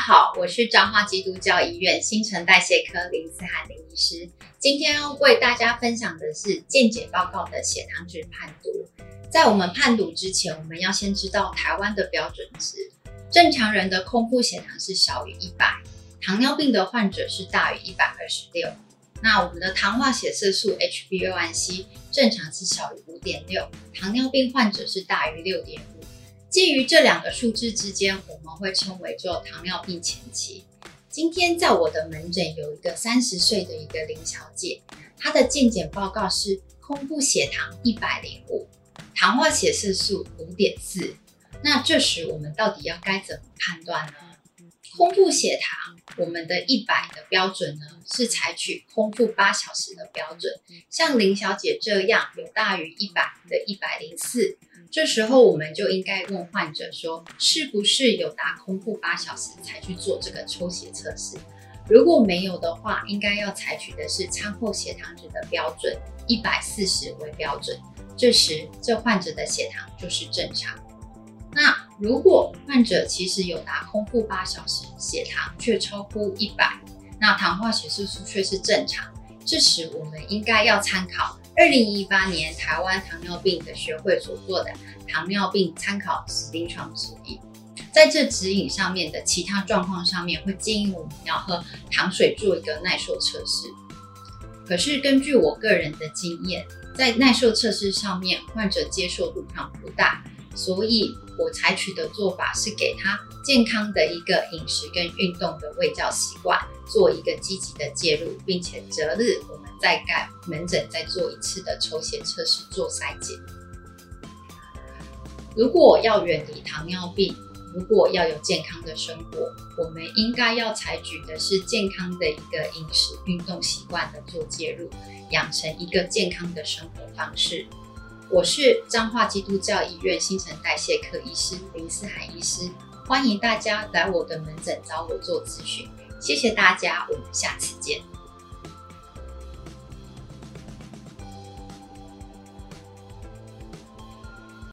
大家好，我是彰化基督教醫院新陳代謝科林思涵林醫師。今天要為大家分享的是健檢報告的血糖值判讀。在我們判讀之前，我們要先知道台灣的標準值。正常人的空腹血糖是小於一百，糖尿病的患者是大於一百二十六。那我們的糖化血色素 HbA1c 正常是小於五點六，糖尿病患者是大於六點五。介於這兩個數字之間，我們會稱為做糖尿病前期。今天在我的門診有一個三十歲的一個林小姐，她的健檢報告是空腹血糖一百零五，糖化血色素五點四。那這時我們到底要該怎麼判斷呢？空腹血糖我們的一百的標準呢，是採取空腹八小時的標準，像林小姐這樣有大於一百的，一百零四。這時候我們就應該問患者說，是不是有達空腹八小時才去做這個抽血測試？如果沒有的話，應該要採取的是餐後血糖值的標準，一百四十為標準。這時這患者的血糖就是正常。那如果患者其實有達空腹八小時，血糖卻超乎一百，那糖化血色素卻是正常，這時我們應該要參考。二零一八年台灣糖尿病的學會所做的糖尿病參考臨床指引，在這指引上面的其他狀況上面，會建議我們要喝糖水做一個耐受測試。可是根據我個人的經驗，在耐受測試上面，患者接受度上不大，所以。我採取的做法是給他健康的一個飲食跟運動的衛教習慣，做一個積極的介入，並且擇日我們再改門診再做一次的抽血測試做篩檢。如果要遠離糖尿病，如果要有健康的生活，我們應該要採取的是健康的一個飲食運動習慣的做介入，養成一個健康的生活方式。我是彰化基督教醫院新陳代謝科醫師林思涵醫師，歡迎大家來我的門診找我做諮詢，謝謝大家，我們下次見。